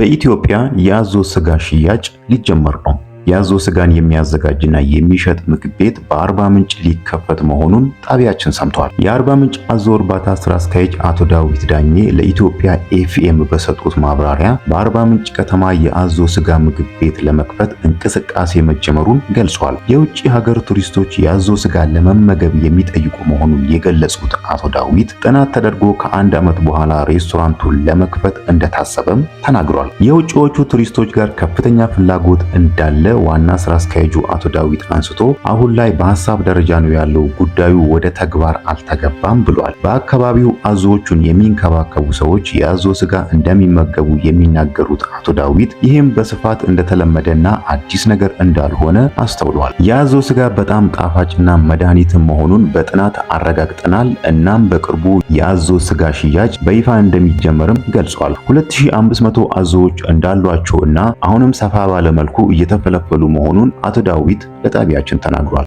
በኢትዮጵያ የአዞ ስጋ ሽያጭ ሊጀመር ነው። ያዞ ስጋን የሚያዘጋጅና የሚሸጥ ምግብ ቤት በአርባ ምንጭ ሊከፈት መሆኑን ጣቢያችን ሰምቷል። የአርባ ምንጭ አዞ እርባታ ስራ አስኪያጅ አቶ ዳዊት ዳኜ ለኢትዮጵያ ኤፍኤም በሰጡት ማብራሪያ በአርባ ምንጭ ከተማ የአዞ ስጋ ምግብ ቤት ለመክፈት እንቅስቃሴ መጀመሩን ገልጿል። የውጭ ሀገር ቱሪስቶች የአዞ ስጋ ለመመገብ የሚጠይቁ መሆኑን የገለጹት አቶ ዳዊት ጥናት ተደርጎ ከአንድ ዓመት በኋላ ሬስቶራንቱን ለመክፈት እንደታሰበም ተናግሯል። የውጭዎቹ ቱሪስቶች ጋር ከፍተኛ ፍላጎት እንዳለ ዋና ስራ አስኪያጁ አቶ ዳዊት አንስቶ አሁን ላይ በሀሳብ ደረጃ ነው ያለው፣ ጉዳዩ ወደ ተግባር አልተገባም ብሏል። በአካባቢው አዞዎቹን የሚንከባከቡ ሰዎች የአዞ ስጋ እንደሚመገቡ የሚናገሩት አቶ ዳዊት ይህም በስፋት እንደተለመደና አዲስ ነገር እንዳልሆነ አስተውሏል። የአዞ ስጋ በጣም ጣፋጭና መድኃኒት መሆኑን በጥናት አረጋግጠናል። እናም በቅርቡ የአዞ ስጋ ሽያጭ በይፋ እንደሚጀመርም ገልጿል። 2500 አዞዎች እንዳሏቸው እና አሁንም ሰፋ ባለ መልኩ እየተፈለ እየተቀበሉ መሆኑን አቶ ዳዊት ለጣቢያችን ተናግሯል።